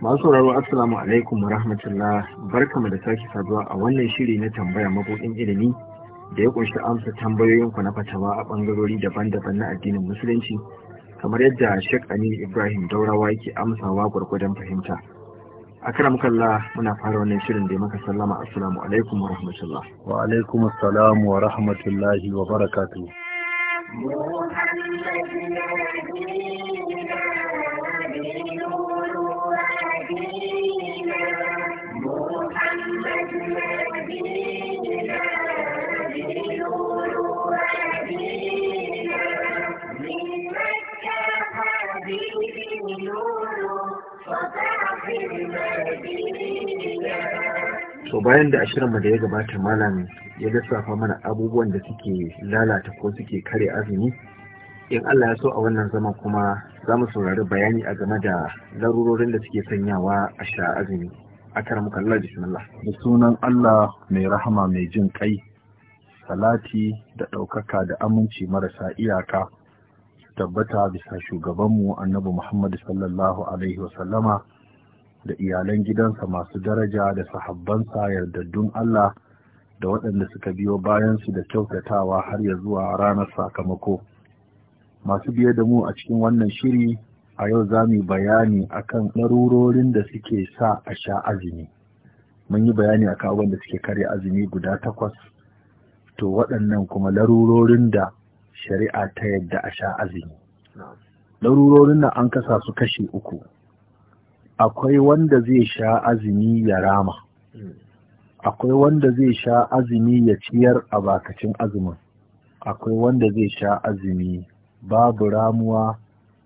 masu sauraro assalamu alaikum wa rahmatullah barkamu da sake saduwa a wannan shiri na tambaya mabudin ilimi da ya kunshi amsa tambayoyinku na fatawa a ɓangarori daban-daban na addinin musulunci kamar yadda shek Aminu Ibrahim Daurawa yake amsawa gwargwadon fahimta. a kalla muna fara wannan shirin da maka sallama assalamu alaikum wa rahmatullah. Wa alaikum assalam wa rahmatullahi wa barakatu to bayan da ashirin da ya gabata malam ya lissafa mana abubuwan da suke lalata ko suke kare azumi in Allah ya so a wannan zaman kuma za mu saurari bayani a game da larurorin da suke sanyawa a sha azumi a kar muka Allah da sunan Allah mai rahama mai jin kai salati da ɗaukaka da aminci marasa iyaka tabbata bisa shugabanmu annabi Muhammad sallallahu alaihi wasallama da iyalan gidansa masu daraja da sahabbansa yardaddun Allah da waɗanda suka biyo bayansu da kyautatawa har ya zuwa ranar sakamako. Masu biye da mu a cikin wannan shiri a yau za mu bayani akan ɗarurorin da suke sa a sha azumi. Mun yi bayani a abin da suke karya azumi guda takwas, to waɗannan kuma larurorin da shari'a ta yadda a sha azumi. Larurorin nan an kasa su kashe uku. akwai wanda zai sha azumi ya rama akwai wanda zai sha azumi ya ciyar a bakacin azumin akwai wanda zai sha azumi babu ramuwa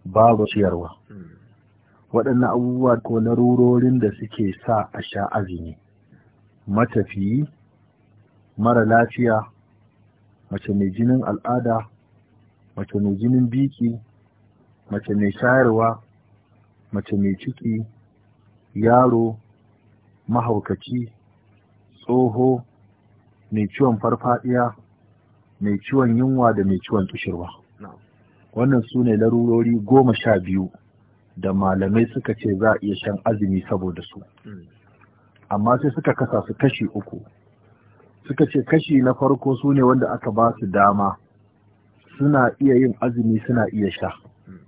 babu ciyarwa waɗannan abubuwa ko larurorin da suke sa a sha azumi matafiyi mara lafiya mace mai jinin al'ada mace mai jinin biki mace mai shayarwa mace mai ciki yaro mahaukaci tsoho mai ciwon farfadiya mai ciwon yunwa da mai ciwon tushirwa wannan su ne larurori goma sha biyu da malamai suka ce za a iya shan azumi saboda su hmm. amma sai suka kasa su kashi uku suka ce kashi na farko su ne wanda aka ba su dama suna iya yin azumi suna iya sha hmm.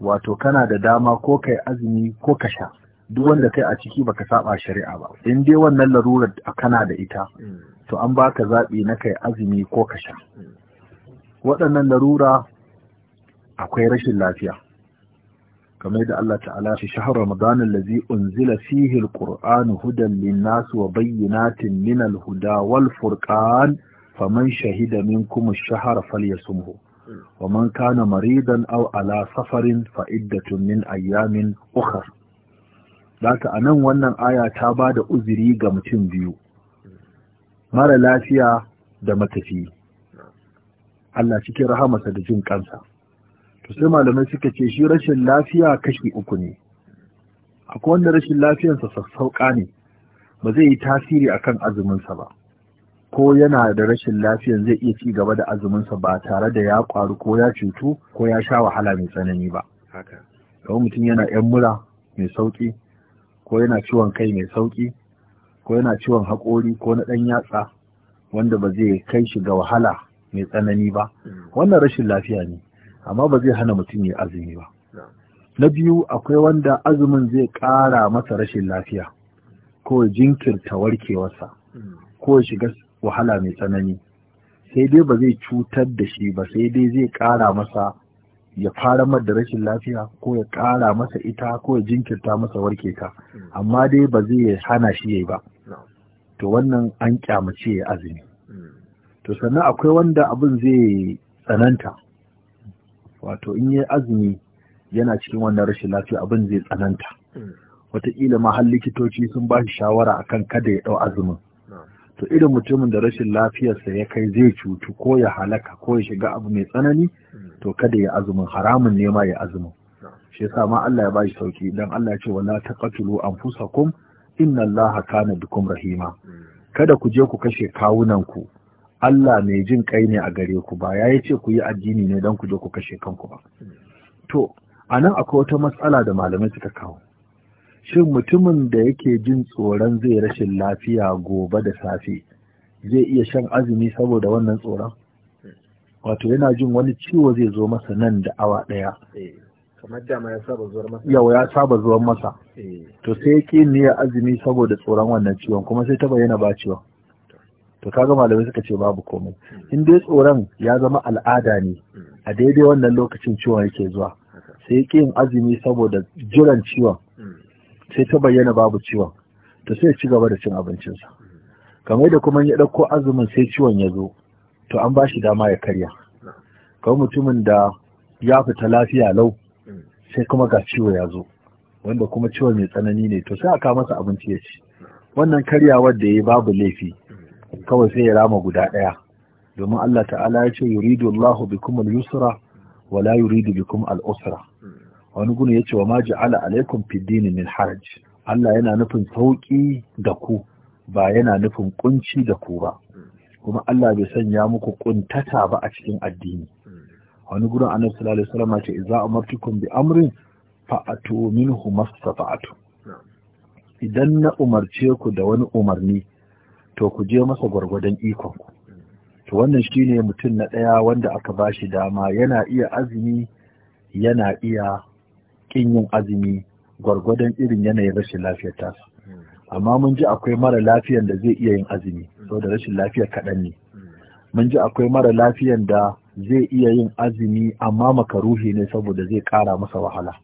wato kana da dama ko kai azumi ko ka sha duk wanda kai a ciki baka saba shari'a ba in dai wannan larurar kana da ita to an baka zaɓi na kai azumi ko ka sha waɗannan larura akwai rashin lafiya kamar da Allah ta'ala shi shahar Ramadan allazi unzila fihi alquran hudan linnas wa bayyinatin min alhuda wal furqan faman shahida minkum ash-shahr falyasumhu ومن كان مريضا أو safarin سفر فعدة من أيام أخر Daka a nan wannan aya ta ba da uzuri ga mutum biyu, mara lafiya da matafi. Allah cikin rahamarsa da jin kansa. To sai malamai suka ce shi rashin lafiya kashi uku ne. Akwai wanda rashin lafiyarsa sassauƙa ne, ba zai yi tasiri akan azuminsa ba. Ko yana da rashin lafiyan zai iya ci gaba da azuminsa ba tare da ya ƙwari ko ya cutu ko ya sha wahala mai tsanani ba. Haka. mutum yana ‘yan mura mai sauƙi, ko yana ciwon kai mai sauƙi ko yana ciwon haƙori ko na ɗan yatsa wanda ba zai kai shi ga wahala mai tsanani ba mm. wannan rashin lafiya ne amma ba zai hana mutum ya azumi ba na biyu akwai wanda azumin zai ƙara masa rashin lafiya ko jinkirta warkewarsa mm. ko shiga wahala mai tsanani sai dai ba zai cutar da shi ba sai dai zai ƙara masa ya fara da rashin lafiya ko ya ƙara masa ita ko ya jinkirta masa warke ta hmm. amma dai ba zai ya hana shi yayi ba to wannan an kyamace ya azumi hmm. to sannan akwai wanda abin zai tsananta wato in yi azumi yana cikin wannan rashin lafiya abin zai tsananta hmm. wataƙila ma har likitoci sun ba shi shawara akan kada ya ɗau azumin to irin mutumin da rashin lafiyarsa ya kai zai cutu ko ya halaka ko ya shiga abu mai tsanani to kada ya azumin haramun ne ma ya azumin shi yasa ma Allah ya bashi sauki dan Allah ya ce wala taqatulu anfusakum inna Allaha kana bikum rahima kada ku je ku kashe kawunan ku Allah mai jin kai ne a gare ku ba ya ce ku yi addini ne dan ku je ku kashe kanku ba to anan akwai wata matsala da malamai suka kawo shin mutumin da yake jin tsoron zai rashin lafiya gobe da safe zai iya shan azumi saboda wannan tsoron wato yana jin wani ciwo zai zo masa nan da awa ɗaya eh, kamar dama ya saba zuwar masa yau ya saba zuwar masa eh. to sai ya ƙi ya azumi saboda tsoron wannan ciwon kuma sai ta bayyana ba ciwon to kaga malamai suka ce babu komai hmm. in dai tsoron ya zama al'ada ne hmm. a daidai wannan lokacin ciwon yake zuwa sai ya yin azumi saboda jiran ciwon hmm. sai ta bayyana babu ciwon to sai ya ci gaba da cin abincinsa kamar da kuma ya ɗauko azumin sai ciwon ya zo to an ba shi dama ya karya kawai mutumin da ya fita lafiya lau sai kuma ga ciwo ya zo wanda kuma ciwo mai tsanani ne to sai aka masa abinci ya ci wannan karyawar da ya yi babu laifi kawai sai ya rama guda ɗaya domin Allah ta'ala ya ce yuridu Allahu bikum al-yusra wala la yuridu bikum al-usra wani gunu ya ce wa ma ja'ala alaikum fiddini dini min haraj Allah yana nufin sauki da ku ba yana nufin kunci da ku ba kuma Allah bai sanya muku kuntata ba a cikin addini wani gurin annabi sallallahu alaihi wasallam ce idza amartukum bi amrin fa'atu minhu mastata'tu idan na umarce ku da wani umarni to ku je masa gwargwadon ikon ku to wannan shine mutum na ɗaya wanda aka bashi dama yana iya azumi yana iya ƙin yin azumi gwargwadon irin yanayin rashin lafiyar tasa amma mun ji akwai mara lafiyan da zai iya yin azumi saboda rashin lafiya kaɗan ne mun ji akwai mara lafiyan da zai iya yin azumi amma makaruhi ne saboda zai ƙara masa wahala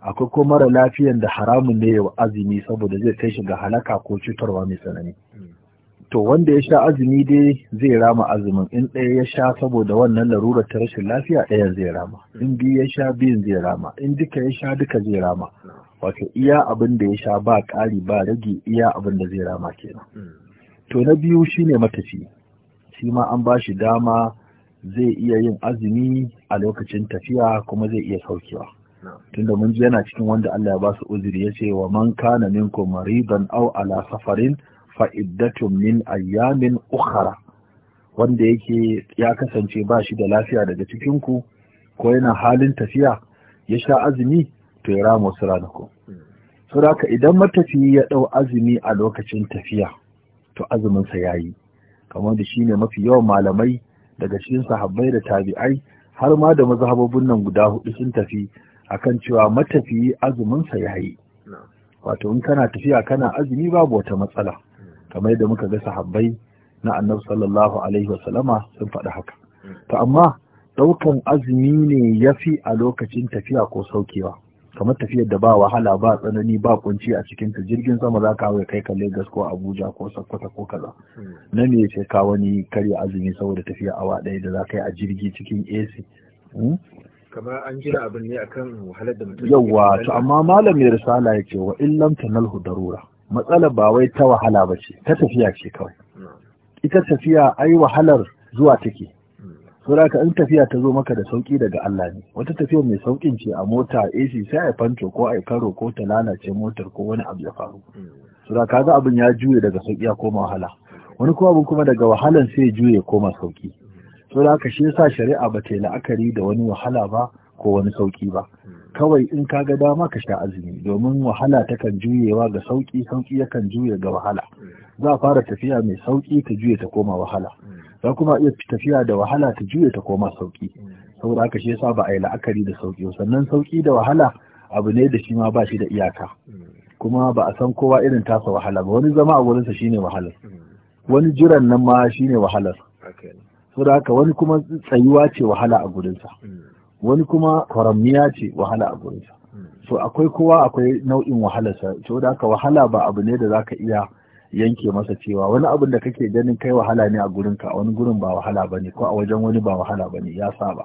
akwai ko mara lafiyan da haramun ne ya azumi saboda zai kai shi ga halaka ko cutarwa mai tsanani to wanda ya sha azumi dai zai rama azumin in ɗaya ya sha saboda wannan larurar ta rashin lafiya ɗayan zai rama in biyu ya sha biyun zai rama in duka ya sha duka zai rama wato iya abin da ya sha ba ƙari ba rage iya abin da zai rama kenan to na biyu shine matafi shi ma an ba shi dama zai iya yin azumi a lokacin tafiya kuma zai iya saukewa tunda mun ji yana cikin wanda Allah ya ba su uzuri ya ce wa man kana minkum mariban aw ala safarin fa'iddatun min ayyamin ukhra wanda yake ya kasance ba shi da lafiya daga cikinku ko yana halin tafiya ya sha azumi to ya rama wasu ranaku raka idan matafiyi ya ɗau azumi a lokacin tafiya to azuminsa ya yi kamar da shi ne mafi yawan malamai daga cikin sahabbai da tabi'ai har ma da mazhabobin nan guda hudu sun tafi a kan cewa matafi azuminsa ya yi wato in kana tafiya kana azumi babu wata matsala kamar yadda muka ga sahabbai na annabi sallallahu alaihi wasallama sun faɗi haka to amma ɗaukan azumi ne ya fi a lokacin tafiya ko saukewa kamar tafiyar da ba wahala ba tsanani ba kunci a cikin ta jirgin sama za ka hawa kai ka Lagos ko Abuja ko Sokoto ko kaza na me ce ka wani karya azumi saboda tafiya awa ɗaya da za ka yi a jirgi cikin AC hmm? kamar an jira abin ne akan wahalar da mutum yawa to amma malam ya risala ya ce wa illam tanalhu darura matsalar ba wai ta wahala ba ce ta tafiya ce kawai ita tafiya ai wahalar zuwa take saboda in tafiya ta zo maka da sauki daga Allah ne wata tafiya mai saukin ce a mota AC sai a fanto ko a karo ko ta lalace motar ko wani abu ya faru saboda kaga abin ya juye daga sauki ya koma wahala wani kuma abin kuma daga wahalan sai ya juye koma sauki saboda haka shi yasa shari'a ba ta yi la'akari da wani wahala ba ko wani sauki ba kawai in ka ga dama ka sha azumi domin wahala ta kan juyewa ga sauki sauki kan juye ga wahala za a fara tafiya mai sauki ta juye ta koma wahala za kuma iya tafiya da wahala ta juye ta koma sauki saboda haka shi yasa ba a yi la'akari da sauki sannan sauki da wahala abu ne da shi ma ba shi da iyaka kuma ba a san kowa irin tasa wahala ba wani zama a wurinsa shine wahalar wani jiran nan ma shine wahalar saboda haka wani kuma tsayuwa ce wahala a gurinsa wani kuma kwaramiya ce wahala a gurinsa so akwai kowa akwai nau'in wahalarsa to da ka wahala ba abu ne da zaka iya yanke masa cewa wani abin da kake ganin kai wahala ne a gurinka a wani gurin ba wahala bane ko a wajen wani ba wahala bane ya saba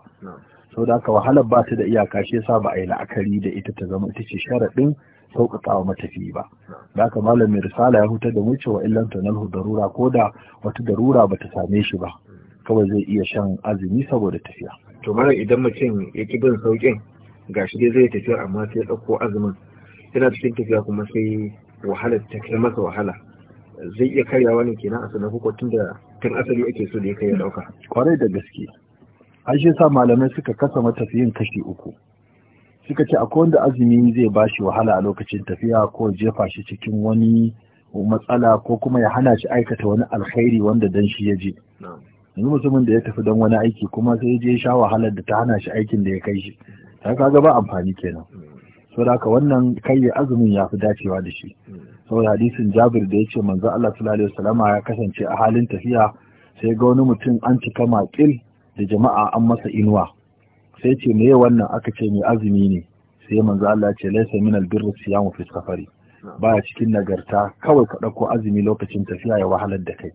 so da ka wahala ba ta da iyaka shi yasa ba a yi la'akari da ita ta zama ita ce sharaɗin sauƙaƙawa matafi ba da ka malam mai risala ya huta da mu cewa illan tanalhu darura ko da wata darura ba ta same shi ba kawai zai iya shan azumi saboda tafiya to mara idan mutum ya ki bin saukin gashi dai zai tafiya amma sai ya ɗauko azumin yana cikin tafiya kuma sai wahala ta kai masa wahala zai iya karya wani kenan a sanar tun da tun asali ake so da ya kai ya ɗauka. kwarai da gaske an shi sa malamai suka kasa matafiyin kashi uku suka ce akwai wanda azumi zai ba shi wahala a lokacin tafiya ko jefa shi cikin wani matsala ko kuma ya hana shi aikata wani alkhairi wanda dan shi ya je yanzu mutumin da ya tafi don wani aiki kuma sai ya je sha wahalar da ta hana shi aikin da ya kai shi ta kaga ba amfani kenan saboda haka wannan kai ya azumin ya fi dacewa da shi saboda hadisin Jabir da ya ce manzo Allah sallallahu alaihi ya kasance a halin tafiya sai ga wani mutum an cika maƙil da jama'a an masa inuwa sai ce me wannan aka ce mai azumi ne sai manzo Allah ce laysa min albirri siyamu fi safari baya cikin nagarta kawai ka dauko azumi lokacin tafiya ya wahalar da kai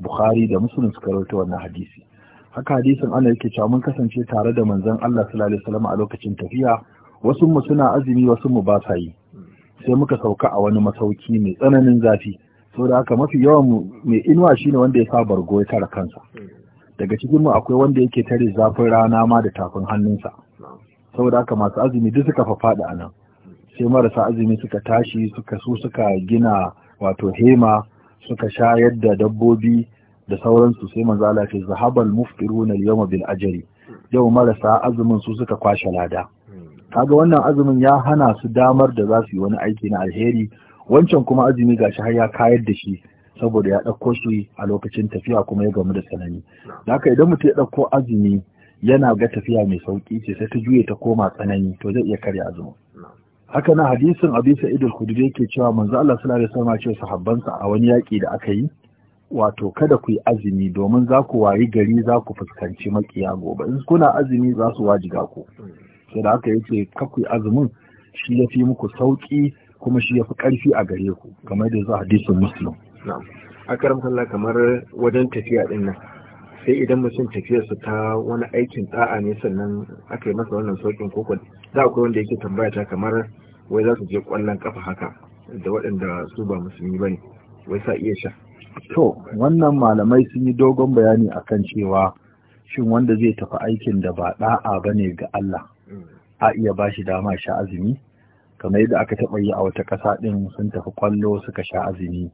bukhari da muslim suka rawaito wannan hadisi haka hadisin ana yake cewa mun kasance tare da manzon Allah sallallahu alaihi wasallam a lokacin tafiya wasu mu suna azumi wasu mu ba sa yi sai muka sauka a wani masauki mai tsananin zafi saboda haka mafi yawan mu mai inuwa shine wanda ya sa bargo ya tara kansa daga cikin mu akwai wanda yake tare zafin rana ma da tafin hannunsa saboda haka masu azumi duk suka faɗi a nan sai marasa azumi suka tashi suka su suka gina wato hema suka shayar da dabbobi da sauransu sai maza Allah ce zahabal muftiruna al-yawma bil yau marasa azumin su suka kwashe lada kaga wannan azumin ya hana su damar da za su yi wani aiki na alheri wancan kuma azumi ga shi har ya kayar da shi saboda ya ɗauko su a lokacin tafiya kuma ya gamu da tsanani Da haka idan mutum ya ɗauko azumi yana ga tafiya mai sauƙi ce sai ta juye ta koma tsanani to zai iya karya azumin haka na hadisin isa sa'id kudu da yake cewa manzo Allah sallallahu alaihi wasallam ce sahabbansa a wani yaki da aka yi wato kada ku yi azumi domin za ku wayi gari za ku fuskanci makiya gobe in kuna azumi za su wajiga ku sai da aka yace ka ku azumin shi ya fi muku sauki kuma shi ya fi karfi a gare ku kamar da za hadisin muslim na'am a karamtar kamar wajen tafiya din nan sai idan mutum tafiyarsa ta wani aikin da'a ne sannan aka yi masa wannan saukin koko da akwai wanda yake tambaya ta kamar wai za su je kwallon kafa haka da waɗanda su ba musulmi ba ne wai sa iya sha to wannan malamai sun yi dogon bayani akan cewa shin wanda zai tafi aikin da ba ɗa'a ba ne ga Allah a iya ba shi dama sha azumi kamar yadda aka taɓa yi a wata ƙasa ɗin sun tafi kwallo suka sha azumi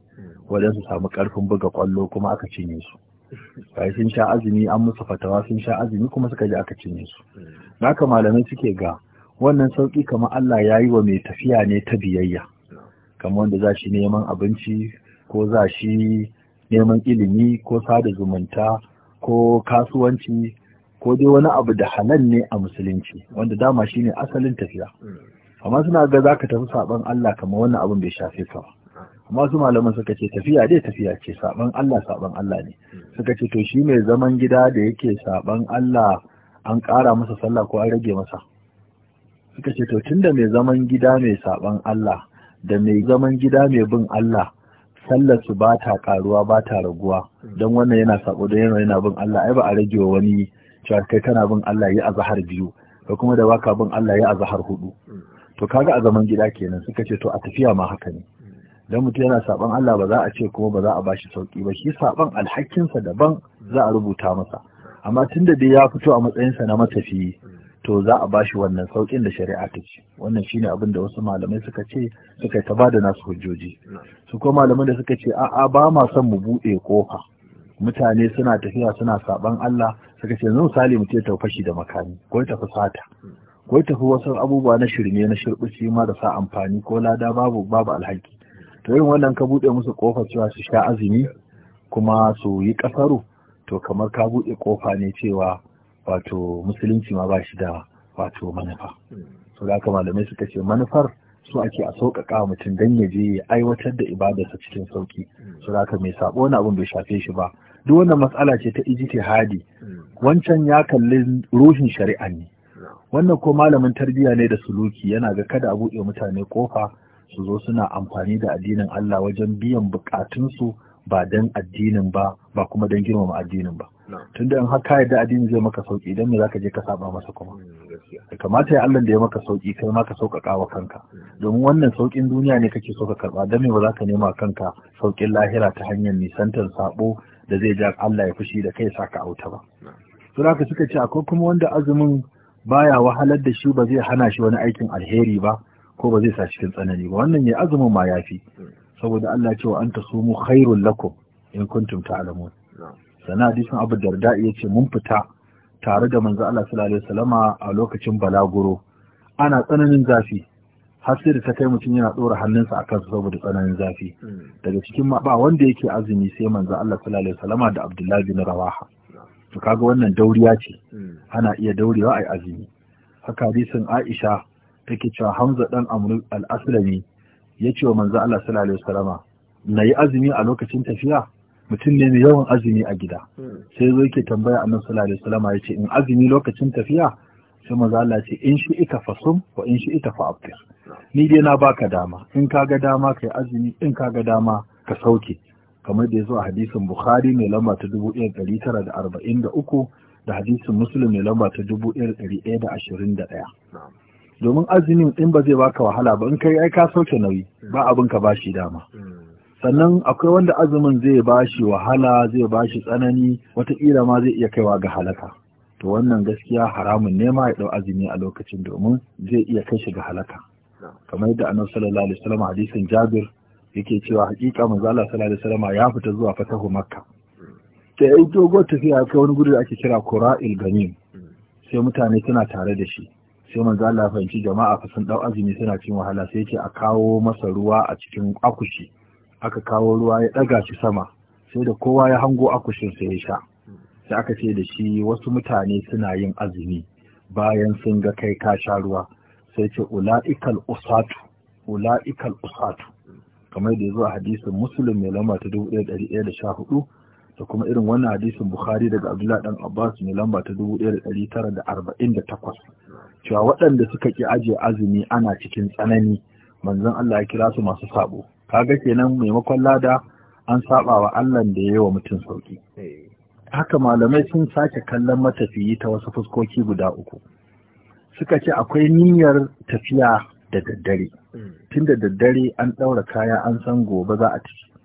su samu ƙarfin buga kwallo kuma aka cinye su bai sun sha azumi an musu fatawa sun sha azumi kuma suka ji aka cinye su haka malamai suke ga wannan sauƙi kamar Allah ya yi wa mai tafiya ne ta biyayya kamar wanda za shi neman abinci ko za shi neman ilimi ko sada zumunta ko kasuwanci ko dai wani abu da halal ne a musulunci wanda dama shi ne asalin tafiya amma suna ga za ka tafi saɓon Allah kamar wannan abin bai shafe ka amma su malaman suka ce tafiya dai tafiya ce saɓon Allah saɓon Allah ne suka ce to shi mai zaman gida da yake saɓon Allah an ƙara masa sallah ko an rage masa suka ce to tunda mai zaman gida mai saban Allah da mai zaman gida mai bin Allah sallar ba ta karuwa ba ta raguwa don wannan yana sabo don yana yana bin Allah ai ba a rage wani cewa kai kana bin Allah ya azhar biyu ko kuma da baka bin Allah ya azhar hudu to kaga a zaman gida kenan suka ce to a tafiya ma haka ne dan mutum yana saban Allah ba za a ce kuma ba za a bashi sauki ba shi saban sa daban za a rubuta masa amma tunda dai ya fito a matsayinsa na matafiyi to za a bashi wannan saukin da shari'a ta ce wannan shine abin da wasu malamai suka ce suka ta da nasu hujjoji su ko malaman da suka ce a'a ba ma son mu buɗe ƙofa. mutane suna tafiya suna saban Allah suka ce zan sale mu ce fashi da makami ko tafi sata ko tafi wasu abubuwa na shirme na shirbuci ma da sa amfani ko lada babu babu alhaki to yin wannan ka buɗe musu kofa cewa su sha azumi kuma su yi kasaru to kamar ka buɗe kofa ne cewa wato musulunci ma ba shi da wato manufa So da haka malamai suka ce manufar su ake a sauƙaƙa mutum don ya je ya aiwatar da ibadarsa cikin sauƙi su haka mai sabo wani abin bai shafe shi ba duk wannan matsala ce ta hadi. wancan ya kalli ruhin shari'a ne wannan ko malamin tarbiyya ne da suluki yana ga kada a buɗe mutane ƙofa su zo suna amfani da addinin Allah wajen biyan buƙatunsu ba dan addinin ba ba kuma don girmama addinin ba tun da haka yadda addinin zai maka sauki idan me zaka je ka saba masa kuma hmm, kamata ya Allah da ya maka sauki kai ma ka sauƙaƙa wa kanka hmm. domin wannan saukin duniya ne kake so ka karba dan me ba zaka nema kanka saukin lahira ta hanyar nisantar sabo da zai ja Allah ya fushi da kai sa ka auta ba Suna haka suka ce akwai kuma wanda azumin baya wahalar da shi ba zai hana shi wani aikin alheri ba ko ba zai sa cikin tsanani ba wannan ne azumin ma yafi hmm. saboda Allah cewa an ta sumu khairul lakum in kuntum ta'lamun sana hadisin Abu Darda ce mun fita tare da manzo Allah sallallahu alaihi wasallama a lokacin balaguro ana tsananin zafi har sai da ta kai mutum yana ɗora hannunsa akan su saboda tsananin zafi hmm. daga cikin ba wanda yake azumi sai manzo Allah sallallahu alaihi wasallama da Abdullahi bin Rawaha to kaga wannan dauriya ce hmm. ana iya daurewa ai azumi haka hadisin Aisha take cewa Hamza dan Amr al-Aslami ya ce wa manzo Allah sallallahu Salama na yi azumi a lokacin tafiya mutum ne mai yawan azumi a gida sai zo yake tambaya annabi sallallahu alaihi wasallama ya ce in azumi lokacin tafiya sai manzo Allah ce in shi ita fasum wa in shi ita fa aftir ni dai na baka dama in kaga dama kai azumi in kaga dama ka sauke kamar da ya zo a hadisin Bukhari mai lamba ta dubu 1943 da da da arba'in uku hadisin Muslim mai lamba ta dubu da da ɗaya ashirin ɗaya. domin azumin in ba zai baka wahala ba in kai ai ka sauke nauyi ba abin ka bashi dama sannan akwai wanda azumin zai bashi wahala zai bashi tsanani wata wataƙila ma zai iya kaiwa ga halaka to wannan gaskiya haramun ne ma ya ɗau azumi a lokacin domin zai iya kai shi ga halaka kamar yadda annabi sallallahu alaihi wasallam hadisin Jabir yake cewa hakika manzo Allah sallallahu alaihi wasallam ya fita zuwa fatahu Makka da ya yi dogon tafiya kai wani gudu da ake kira Qura'il ganim sai mutane suna tare da shi sai manzo Allah fahimci jama'a fa sun dau azumi suna cin wahala sai ce a kawo masa ruwa a cikin akushi aka kawo ruwa ya daga shi sama sai da kowa ya hango akushin sai ya sha sai aka ce da shi wasu mutane suna yin azumi bayan sun ga kai ka sha ruwa sai ce ula'ikal usatu ula'ikal usatu kamar da yazo zo a hadisin muslim mai lamba ta 1114 da kuma irin wannan hadisin bukhari daga abdullahi dan abbas mai lamba ta 1948 cewa waɗanda suka ƙi ajiye azumi ana cikin tsanani manzon Allah ya kira su masu sabo kaga kenan maimakon lada an saba wa Allah da ya yi wa mutum sauki eh. haka malamai sun sake kallon matafiyi ta wasu fuskoki guda uku suka ce akwai niyyar tafiya da daddare hmm. tun da daddare an ɗaura kaya an san gobe za a tafi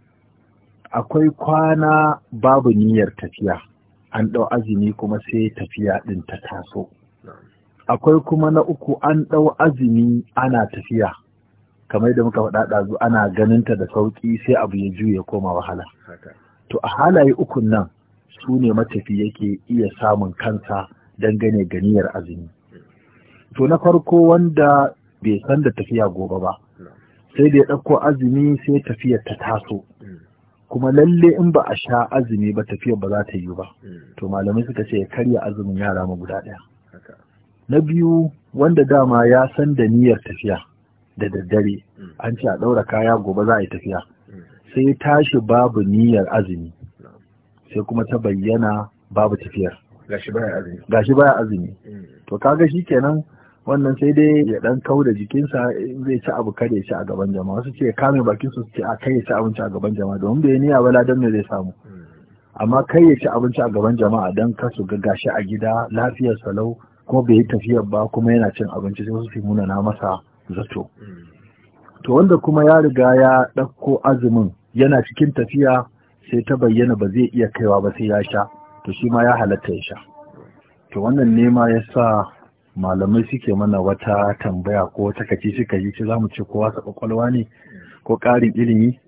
akwai kwana babu niyyar tafiya an ɗau azumi kuma sai tafiya ɗin ta taso akwai kuma na uku an ɗau azumi ana tafiya kamar da muka faɗa ɗazu ana ganinta da sauƙi sai abu ya juya koma wahala to a halaye ukun nan su ne matafi yake iya samun kansa don dangane ganiyar azumi to na farko wanda bai san da tafiya gobe ba sai da ya ɗauko azumi sai tafiyar ta taso mm. kuma lalle in ba a sha azumi ba tafiyar ba za ta yi ba mm. to malamai suka ce ya karya azumin yara ma guda ɗaya na biyu wanda dama ya san da niyyar tafiya da daddare hmm. an ce a ɗaura kaya gobe za a yi tafiya hmm. sai tashi babu niyyar azumi sai kuma ta bayyana babu tafiyar gashi baya azumi hmm. to kaga shi kenan wannan sai dai ya dan kau da jikinsa zai ci abu kada ya a gaban jama'a wasu ce kame bakin su ce a kai ya ci abinci a gaban jama'a domin bai niyya ba ladan ne zai samu amma kai ya ci abinci a gaban jama'a dan kasu ga gashi a gida lafiyar salau kuma bai yi tafiyar ba kuma yana cin abinci sai fi muna na masa zato to wanda kuma ya riga ya ɗauko azumin yana cikin tafiya sai ta bayyana ba zai iya kaiwa ba sai ya sha to shi ma ya halatta ya sha to wannan nema ya sa malamai suke mana wata tambaya ko wata kaci suka yi ce za mu ce kowa ta kwakwalwa ne ko ƙarin ilimi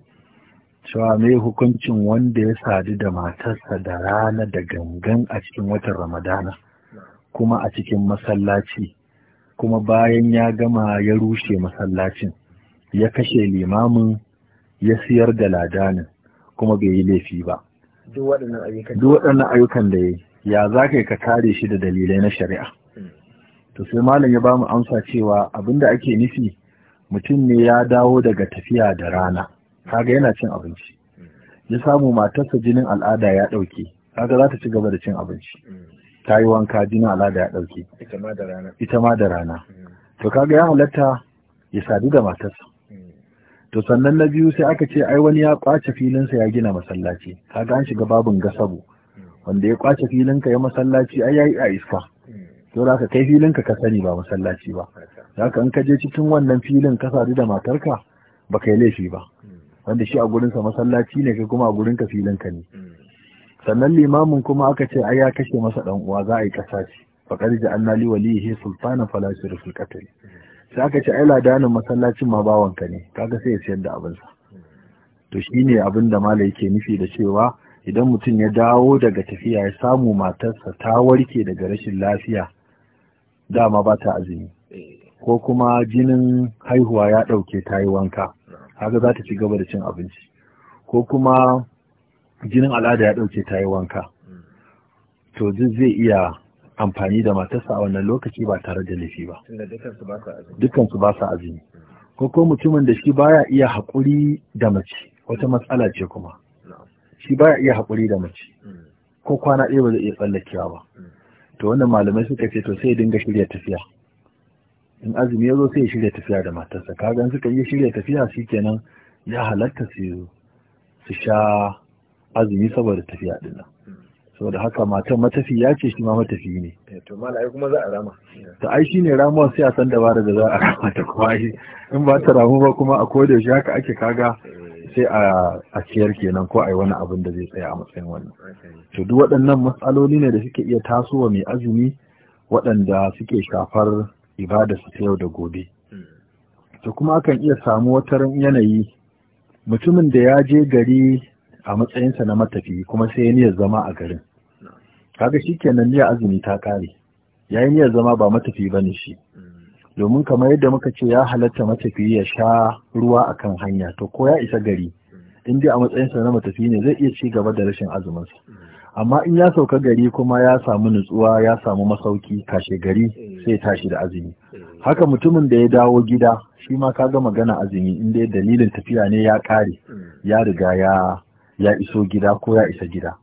cewa mai hukuncin wanda ya sadu da matarsa da rana da gangan a cikin watan ramadana kuma a cikin masallaci kuma bayan ya gama ya rushe masallacin ya kashe limamin ya siyar da ladanin kuma bai yi laifi ba duk waɗannan ayyukan da ya ya za ka ka kare shi da dalilai na shari'a hmm. to sai malam ya ba mu amsa cewa abin da ake nufi mutum ne ya dawo daga tafiya da rana kaga yana cin abinci hmm. ya samu matarsa jinin al'ada ya ɗauke kaga za ta ci gaba da cin abinci hmm. ta yi wanka ala al'ada ya ɗauke ita ma da rana mm. to kaga ya halatta ya sadu da matarsa mm. to sannan na biyu sai aka ce ai wani ya kwace filinsa ya gina masallaci kaga an shiga babin gasabu mm. wanda ya kwace filinka ya masallaci ai ya yi a iska to da kai filinka ka sani ba masallaci ba haka in ka je cikin wannan filin ka sadu da matarka ba ka yi laifi ba wanda shi a gurinsa masallaci ne kai kuma a gurinka filinka ne sannan limamin kuma aka ce ai ya kashe masa dan uwa za a yi an faqad ja'alna li walihi sultana fala da al sai aka ce ai ladanin masallacin ma bawanka ne kaga sai ya sayar da abinsa to shi ne abin da mala yake nufi da cewa idan mutum ya dawo daga tafiya ya samu matarsa ta warke daga rashin lafiya dama ba ta azumi ko kuma jinin haihuwa ya ɗauke ta yi wanka haka za ta ci gaba da cin abinci ko kuma jinin al'ada ya ɗauke ta yi wanka hmm. to duk zai iya amfani da matarsa a wannan lokaci ba tare da laifi ba dukansu ba sa azumi hmm. ko ko mutumin da shi baya iya haƙuri da mace wata matsala ce kuma shi baya iya haƙuri da mace hmm. ko kwana ɗaya ba zai iya tsallakewa ba to wannan malamai suka ce to sai dinga shirya tafiya in azumi ya zo sai ya shirya tafiya da matarsa kaga in suka yi shirya tafiya shikenan ya halatta su su sha azumi saboda tafiya din nan saboda haka matan matafiya ce shi ma matafiyi ne eh, to malai kuma za a rama to ai shine ramuwa sai a san dabara da za a rama ta kuma in ba ta ramu ba kuma a koda yaushe haka ake kaga sai a a ciyar kenan ko a yi wani abin da zai tsaya a matsayin wannan to duk waɗannan matsaloli ne da suke iya tasowa mai azumi waɗanda suke shafar ibada su ta yau da gobe hmm. to kuma akan iya samu wata yanayi mutumin da ya je gari a matsayinsa na matafi kuma sai ya niyyar zama a garin kaga shi kenan niyyar azumi ta kare ya yi niyyar zama ba matafi ba ne shi domin kamar yadda muka ce ya halatta matafi ya sha ruwa a kan hanya to ko ya isa gari in dai a matsayinsa na matafi ne zai iya ci gaba da rashin azuminsa amma in ya sauka gari kuma ya samu nutsuwa ya samu masauki kashe gari sai tashi da azumi haka mutumin da ya dawo gida shi ma kaga magana azumi in dai dalilin tafiya ne ya kare ya riga ya ya iso gida ko ya isa gida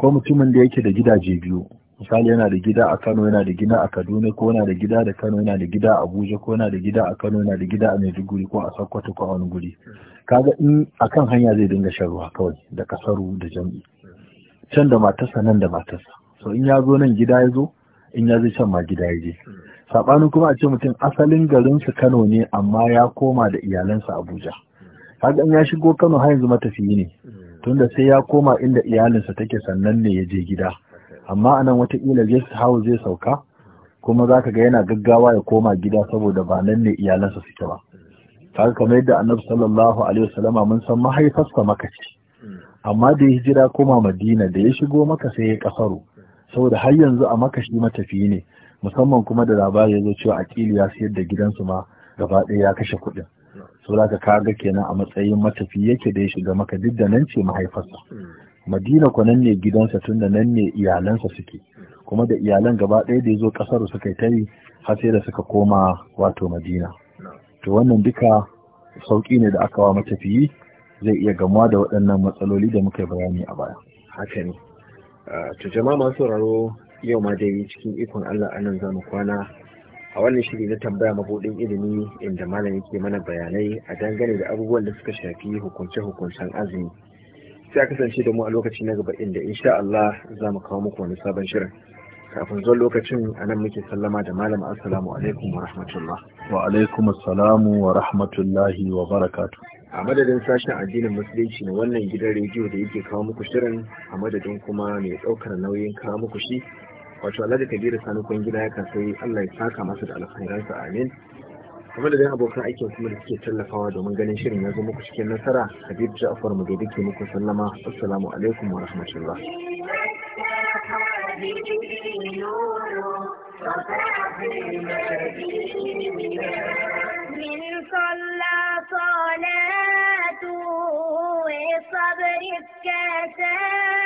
ko mutumin da yake da gidaje biyu misali yana da gida a Kano yana da gida a Kaduna ko yana da gida da Kano yana da gida a Abuja ko yana da gida a Kano yana da gida a Maiduguri ko a Sokoto ko a wani guri kaga in akan hanya zai dinga shan ruwa kawai da kasaru da jam'i can da matarsa nan da matarsa so in ya zo nan gida ya zo in ya zai can ma gida ya je sabanin kuma a ce mutum asalin garin su Kano ne amma ya koma da iyalansa Abuja kaga in ya shigo Kano har yanzu matafiyi ne tunda sai ya koma inda iyalinsa take sannan ne ya je gida amma anan watakila guest house zai sauka kuma za ka ga yana gaggawa ya koma gida saboda ba nan ne iyalansa suke ba kaga kamar yadda annabi sallallahu alaihi wasallama mun san mahaifarsa maka ce amma da ya hijira koma madina da ya shigo maka sai ya kasaro saboda har yanzu a maka shi matafiyi ne musamman kuma da labari ya zo cewa akili ya siyar da gidansu ma gaba ɗaya ya kashe kuɗin so za ka kaga kenan a matsayin matafi yake da ya shiga maka duk da nan ce mahaifarsa madina ko nan ne gidansa tun da nan ne iyalansa suke kuma da iyalan gaba ɗaya da ya zo ƙasar suka ta yi har sai da suka koma wato madina to wannan duka sauƙi ne da aka wa matafiyi zai iya gamuwa da waɗannan matsaloli da muka bayani a baya haka ne ah, to jama'a masu sauraro yau ma dai cikin ikon Allah anan zamu kwana a wannan shiri na tambaya mabudin ilimi inda malam yake mana bayanai a dangane da abubuwan da suka shafi hukunce-hukuncen azumi sai a kasance da mu a lokaci na gaba inda sha Allah za mu kawo muku wani sabon shirin kafin zuwa lokacin a nan muke sallama da malam assalamu alaikum wa rahmatullah wa alaikum assalamu wa rahmatullahi wa barakatu a madadin sashen addinin musulunci na wannan gidan rediyo da yake kawo muku shirin a madadin kuma mai ɗaukar nauyin kawo muku shi wato alhaji sanu kun gida ya kasai allah ya saka masa da alkhairan sa amin kuma da dai abokan aikin kuma da suke tallafawa domin ganin shirin ya zo muku cikin nasara habib ja'far mu da ke muku sallama assalamu alaikum wa rahmatullah من صلى صلاته صبر الكساد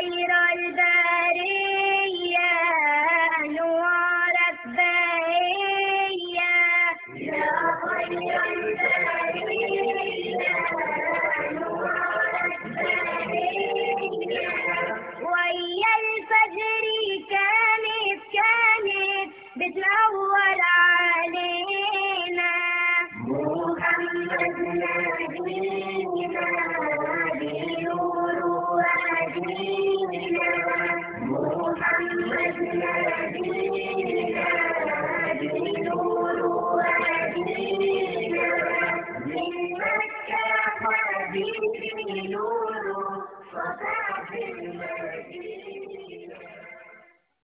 خير البلد